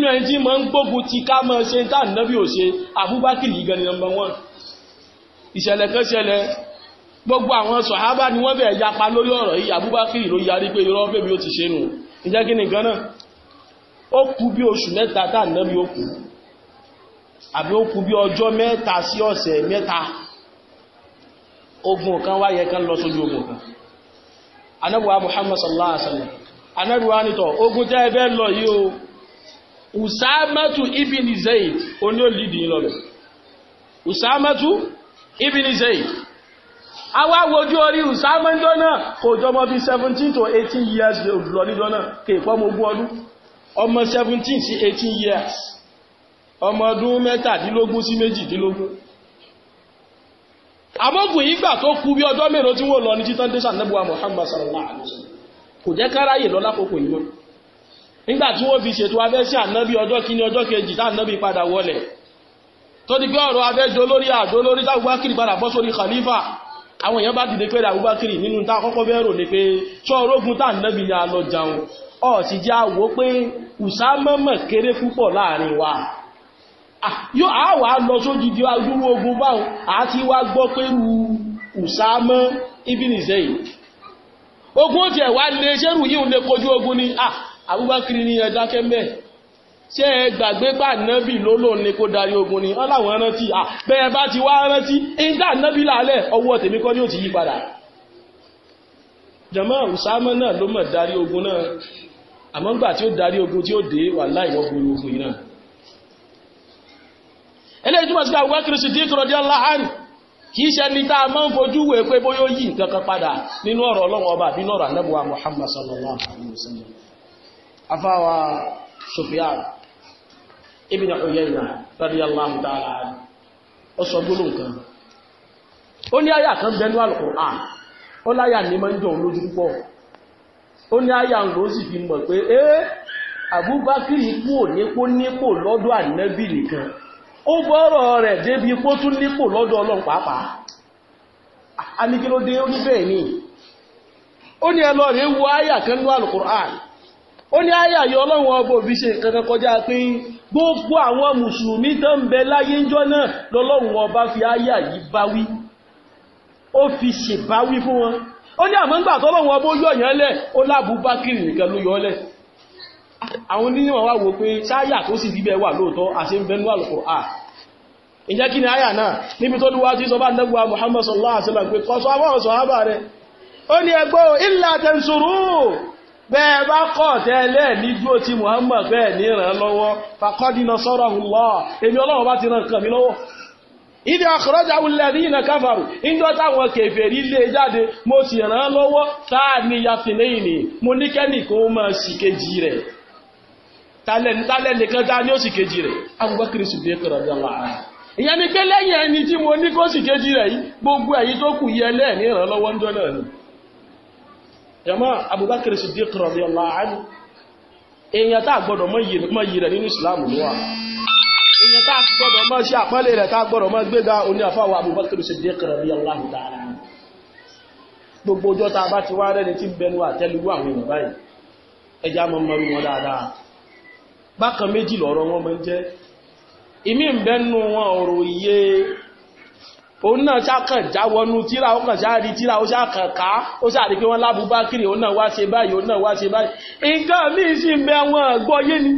B: number one ìṣẹ̀lẹ̀ kan ṣẹlẹ̀ gbogbo àwọn sọ̀hábà ni wọ́n bẹ̀ yapa lórí ọ̀rọ̀ yìí abúbákìrì ló yarí pé irọ́ bèbí ó ti ṣe nù ìjẹ́ kí ni gan náà ó kú bí oṣù mẹ́ta tá ànábi ó kú àbí ó kú bí ọjọ́ mẹ́ta sí ọ̀sẹ̀ mẹ́ta ogun kan wáyé kan lọ sójú ogun kan anábùwá Muhammad sallallahu alaihi wa sallam anábùwá nìtọ̀ ogun tẹ́ ẹ bẹ́ẹ̀ lọ yìí o usamatu ibn Zayd oní olùdíyìn lọ bẹ̀ usamatu ibn Zayd àwa wojú orí ìsámọ́jọ́ náà kò jọmọ bí seventeen to eighteen years lọ níjọ náà kéèpọ́ mo gbọ́ ọdún ọmọ seventeen sí eighteen years ọmọ ọdún mẹ́tàdínlógún sí méjìdínlógún àmọ́gùn yìí gbà tó kú bí ọjọ́ mélòó tí wọ́n lọ ní títán tẹ́sán nẹ́bùwà Muhammad sallallahu alaihi wasallam kò jẹ́ káráyè lọ lákòókò yìí mọ́ nígbà tí wọ́n fi ṣètò abẹ́sí ànábì ọjọ́ kìíní ọjọ́ kejì tá ànábì padà wọlẹ̀ tó di pé ọ̀rọ̀ abẹ́jọ lórí àjọ lórí táwọn akiri àwọn èèyàn bá ti dé pẹ́lú Abubakar nínú tá kọ́kọ́ bẹ́rò ní pé ṣọ́ọ̀rógún tá nẹ́bí ni a lọ jàun ọ̀ ti já wó pé ùsámọ́mọ̀ kéré púpọ̀ láàrin wa yóò á wà lọ sójú di ajúwò ogun báhùn àti wá gbọ́ pé ùsámọ́ ibìnì ni Abubakar ṣé ẹ gbàgbé pa nábì lólò ní kó darí ogun ni ọláwọn rántí à bẹ́ẹ̀ bá ti wá rántí inda nábì lálẹ́ ọwọ́ tèmi kọ́ ni ó yí padà jọmọ́ Usama náà ló mọ̀ darí ogun náà àmọ́ gbà tí ó darí ogun tí ó dé wà láì wọ́n gbogbo ogun yìí náà eléyìí túmọ̀ sí pé Abubakar Siddiq radiyallahu anhu ṣe tá a máa ń fojú pé padà nínú ọ̀rọ̀ ọlọ́wọ́ ọba anábùwà Ibn Uyayna radiyallahu ta'ala ó sọ gbólóhùn kan ó ní àyà kan bẹnu Al-Qur'an ó láyà ní máa loju jọ o ni aya ó si fi mọ̀ pé ee Abubakar kú ònípò nípò lọ́dọ̀ ànábì nìkan ó bọ́rọ̀ rẹ̀ débi kó tún nípò lọ́dọ̀ a ní kí ló dé ó ní bẹ́ẹ̀ ni kan ó ní ayé àyọ ọlọ́run ọba òbí ṣe nǹkan kan kọjá pé gbogbo àwọn mùsùlùmí tó ń bẹ láyé ńjọ́ náà lọ́lọ́run ọba fi ayé àyí báwí ó fi ṣèbáwí fún wọn ó ní àmọ́ ńgbà ọba ó lẹ̀ ó nìkan ló yọ lẹ̀ àwọn wá wò pé wà lóòótọ́ àti bẹnu àlùkò à ni àyà náà níbi tó lúwá tí sọ nẹ́gbà sallallahu alaihi pé kọ́sọ́ àwọn ọ̀sọ̀ rẹ̀ ó ní ẹgbọ́ bẹ́ẹ̀ bá kọ̀ tẹ́lẹ̀ ní dúró ti Muhammad bẹ́ẹ̀ ní ràn lọ́wọ́ fàkọ́dínà sọ́rọ̀ Allah èmi ọlọ́run bá ti ràn kàn mí lọ́wọ́ ìdí ọkọ̀rọ̀jà wùlẹ̀rí ìnà káfàrù ìjọ táwọn kèfèrí e jáde mo sì ràn lọ́wọ́ táà ní yafinẹ́yìnì mo ní máa sì kejì rẹ̀ tálẹ̀ nìkan ní ó rẹ̀ yàmá Abubakar Siddiq radiyallahu anhu èèyàn tá gbọ́dọ̀ mọ́ yìí rẹ̀ nínú Islam ló wà èèyàn tá gbọ́dọ̀ mọ́ sí àpọ́lẹ̀ rẹ̀ tá gbọ́dọ̀ mọ́ gbéga oní àfáwà Abubakar Siddiq radiyallahu ta'ala gbogbo ọjọ́ tá a bá ti wá rẹ́ni tí bẹnu àtẹ́lúwà àwọn èèyàn báyìí ẹja mọ́ mọ́ wọn dáadáa òun náà ṣàkàn jáwọnú tíra ó kàn ṣáàrí tíra ó ṣàkàn ká ó ṣàrí pé wọ́n lábúbákiri òun náà wá ṣe báyìí òun náà wá ṣe báyìí nǹkan míì sì ń bẹ àwọn àgbọ́yé ni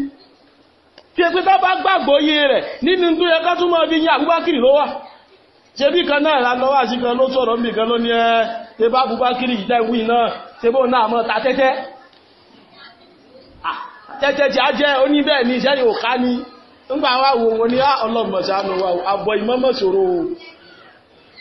B: tí ẹ pé tá bá gbàgbọ́yé rẹ̀ nínú tó yẹ ká tún máa fi yín àbúbákiri ló wà ṣe bí kan náà ìlànà wá sí kan ló sọ̀rọ̀ mí kan ló ní ẹ ṣe bá àbúbákiri yìí dẹ́ náà ṣe bó náà mọ́ ta tẹ́tẹ́ tẹ́tẹ́ tí a jẹ́ oníbẹ̀ ní iṣẹ́ ni òká ni ńgbà wa wò wọ́n ní ọlọ́mọ̀ṣánú wa àbọ̀ ìmọ̀mọ̀ṣòro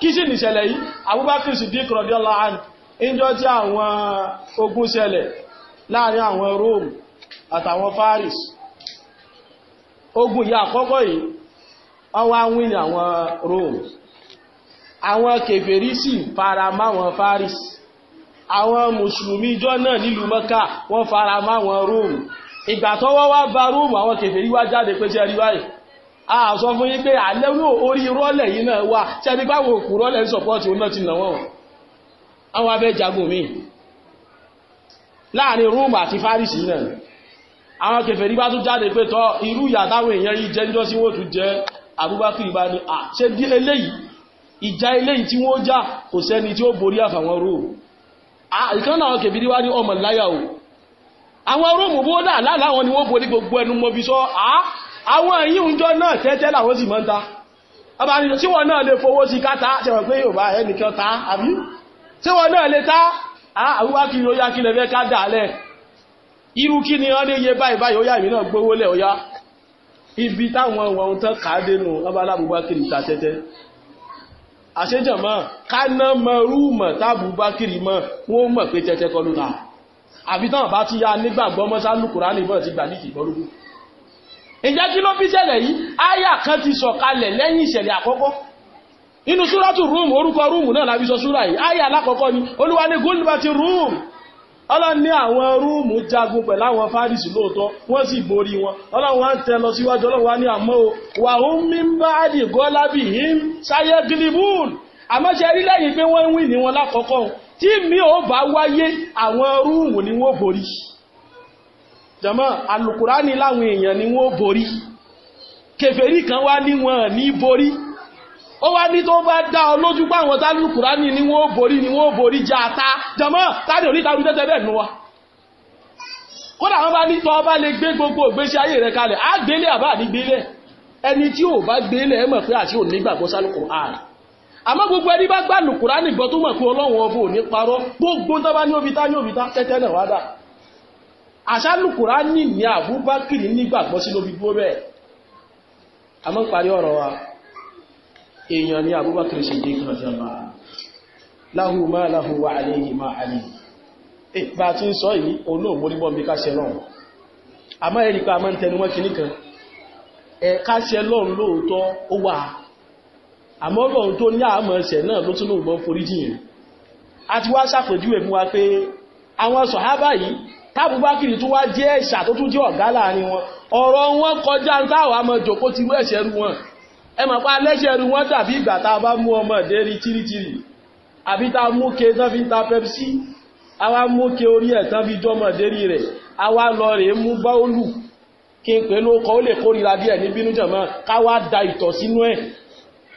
B: kí sì nìṣẹ̀lẹ̀ yìí Abubakar Siddiq radiyallahu anhu ìjọ tí àwọn ogun ṣẹlẹ̀ láàrin àwọn Rome àtàwọn Faris ogun yìí àkọ́kọ́ yìí ọwọ́ àwọn ìní àwọn Rome àwọn kèfèrí sì fara máwọn Faris àwọn mùsùlùmí ìjọ náà nílùú Mẹ́kà wọ́n fara máwọn Rome ìgbà tọ́wọ́ wá bá Rome àwọn kèfèrí wá jáde pé ṣe rí a sọ fún yín pé alẹ́ ní orí rọ́lẹ̀ yìí náà wà tí a ní báwọn òkú rọ́lẹ̀ ń sọ̀pọ̀tì òun náà ti nà wọ́n àwọn abẹ́ jagun mi láàrin Rome àti Paris náà àwọn kèfèrí bá tún jáde pé tọ́ irú ìyà táwọn èèyàn yìí jẹ́ níjọ́ sí wọ́n tún jẹ́ Abubakar bá ní à ṣe bí eléyìí ìjà eléyìí tí wọ́n já kò sẹ́ni tí ó borí àfàwọn Rome ìkan náà kèfèrí wá ní ọmọ láyà o àwọn Rome bó dà láàláwọn ni wọ́n borí gbogbo ẹnu mọ́bí sọ àá àwọn èyí oúnjọ náà tẹ́tẹ́ làwọn sì mọ́ ń ta abàrin tí wọ́n náà lè fowó sí káta tẹ́wọ̀n pé yóò bá ẹnìkan ta àbí tí wọ́n náà lè ta àwúwákiri ó yá kí lẹ́fẹ́ ká dàálẹ̀ irú kí ni wọ́n ní iye báyìí báyìí ó yá ìmì náà gbówó lẹ̀ ó yá ibi táwọn ohun tán kàádénù abálábùbákiri ta tẹ́tẹ́ àṣejọ̀mọ́ káná mọ rúùmọ̀ tábùbákiri mọ́ wọ́n mọ̀ pé tẹ́tẹ́ kọlù náà àbí táwọn bá ti ya nígbàgbọ́ mọ́sálùkùrá nìbọn ti gbà níkì ìgbọ́lógún ǹjẹ́ kí ló fi ṣẹlẹ̀ yìí áyà kan ti sọ̀kalẹ̀ lẹ́yìn ìṣẹ̀lẹ̀ àkọ́kọ́ inú súrátù rúùmù orúkọ rúùmù náà lábí sọ súrà yìí áyà alákọ̀ọ́kọ́ ni olúwa ní gúlùbàtì rúùmù ọlọ́run ní àwọn rúùmù jagun pẹ̀lú àwọn fárísì lóòótọ́ wọ́n sì borí wọn ọlọ́run wá ń tẹ lọ síwájú ọlọ́run wá ní àmọ́ o wà ó ń mí bá àdì gọ́lábì yìí ń sáyé gilibul àmọ́ ṣe rí ni wọ́n jàmáà alukurani láwọn èèyàn ni wọ́n borí kèfèrí kan wá ní wọn ní borí ó wá ní tó bá dá ọ lójú pé àwọn ni wọ́n borí ni wọ́n borí játa jàmáà tàbí oníkàrú tẹ́tẹ́ bẹ́ẹ̀ nù wa kódà wọn bá ní tọ́ bá lè gbé gbogbo ìgbésí ayé rẹ̀ kalẹ̀ á gbélé àbá ní gbélé ẹni tí ò bá gbélé ẹ mọ̀ pé àti ò nígbàgbọ́ sálùkù ààrẹ àmọ́ gbogbo ẹni bá gbà lùkùránì gbọ́ tó mọ̀ pé ọlọ́run ọbọ̀ ò ní parọ́ gbogbo tó bá ní òbítá ní òbítá tẹ́tẹ́ náà wá àṣálù kùránì ní àbúbákìrì nígbàgbọ́ sí ló fi gbó bẹ́ẹ̀ a mọ́ parí ọ̀rọ̀ wa èèyàn ní àbúbákìrì ṣe dé kìrọ̀jọba láhù máa láhù wà àléyìn máa àlè ìgbà tí ń sọ yìí olóòmórígbọ́n bí káṣẹ lọ́run àmọ́ ẹ̀rí pa àmọ́ ń tẹnu wọ́n kìíní kan ẹ̀ káṣẹ lọ́run lóòótọ́ ó wà àmọ́ lọ́run tó ní àmọ́ ẹsẹ̀ náà àwọn sọ̀hábà yìí kábùbákìrì tó wá jẹ́ ẹ̀ṣà tó tún jẹ́ ọ̀gá láàrin wọn ọ̀rọ̀ wọn kọjá táwọn àmọ́ jòkó ti rú ẹ̀ṣẹ̀ rú wọn ẹ mọ̀ pa lẹ́ṣẹ̀ rú wọn dàbí ìgbà tá a bá mú ọmọ ìdérí tìrìtìrì àbí tá a mú ke tán fi ń ta pepsi àwa mú ke orí ẹ̀ tán fi jọmọ ìdérí rẹ̀ àwa lọ rèé mú báólù kí n pè ló kọ́ ó lè kórira díẹ̀ ní bínú jọ̀mọ́ káwá da ìtọ̀ sínú ẹ̀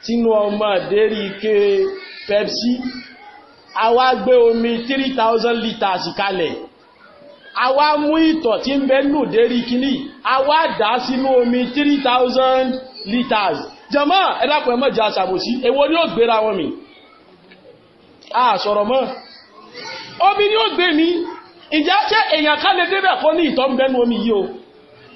B: sínú ọmọ ìdérí ke pepsi àwa gbé omi three thousand litres kalẹ̀ àwa mú ìtọ̀ tí ń bẹ nù dérí kínní àwa dà á sínú omi three thousand litres Jama, ẹ dákun ẹ mọ̀ jẹ́ àṣàbòsí èwo ni ó gbéra wọn mi a sọ̀rọ̀ mọ́ omi ni ó gbé mi ìjà ṣé èèyàn ká lè débẹ̀ kó ní ìtọ̀ ń bẹ omi yìí o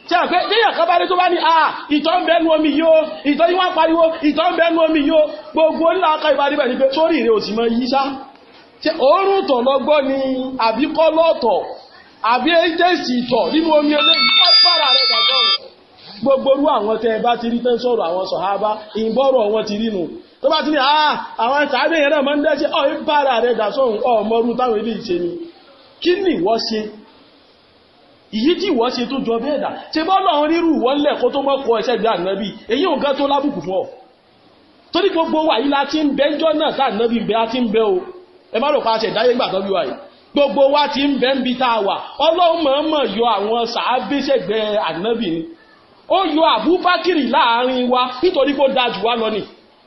B: tí a pé déyàn tó bá ní àà ìtọ̀ ń bẹ́nu omi yóò ìtọ̀ yíwá pariwo ìtọ̀ ń bẹ́nu omi yóò gbogbo ńlá aka ìbárí bẹ̀ ní pé sórí ìrẹ́ òsì mọ́ yíṣá tí oòrùn tọ̀ lọ́gbọ́ ni àbíkọ́ lọ́tọ̀ àbí agency ìtọ̀ nínú omi eléyìí lágbára rẹ̀ dàgbọ́ rẹ̀ gbogbo orú àwọn tẹ́ ẹ bá ti rí tẹ́ ń sọ̀rọ̀ àwọn sọ̀hábá ìbọ̀rọ̀ wọn ti rí nù tó bá ti ní ah, àwọn ìtàgé yẹn náà máa ń dẹ́sẹ̀ ọ̀ ìbára rẹ̀ dàsọ̀hún ọ̀mọ́rú táwọn ilé ìṣe ni kí ni ìwọ ṣe ìyí tí ìwọ ṣe tó jọ bẹ́ẹ̀dà ṣe bọ́ lọ àwọn rírù wọ́n lẹ̀kọ́ tó mọ́kọ ẹ̀ṣẹ́ gbé ànábì èyí ò gá tó lábùkù fún ọ torí gbogbo wà yí láti ń bẹ́jọ́ náà tá ànábì bẹ́ á ti ń bẹ́ o ẹ má rò pa àṣẹ ìdáyé gbà tọ́bí wa yìí gbogbo wa ti ń bẹ́ ń bi tá a wà ọlọ́run mọ̀ọ́mọ̀ yọ àwọn sàábé sẹ́gbẹ̀ẹ́ ànábì ni ó yọ àbúbákìrì láàrin wa nítorí kó dáa jù wá lọ ni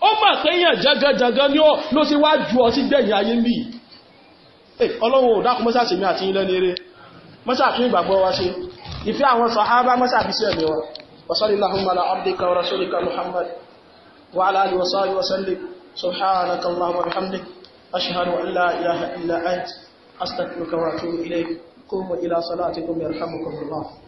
B: ó mọ̀ pé èèyàn jẹ́gẹ́jẹ́gẹ́ ni ó ló sì wá ju ọ sí gbẹ̀yìn ayé ń ọlọ́run ò dákun mọ́sàsì mi àti ilẹ̀ ní eré mọ́sàkí ìgbàgbọ́ wa ṣe ìfẹ́ àwọn sàhábà mọ́sàbí sí ẹ̀mí wa wasallallahu ala abdika wa rasulika muhammad وعلى آله وصحبه وسلم
A: سبحانك اللهم وبحمدك أشهد أن لا إله إلا أنت أستغفرك وأتوب إليك قوموا إلى صلاتكم يرحمكم الله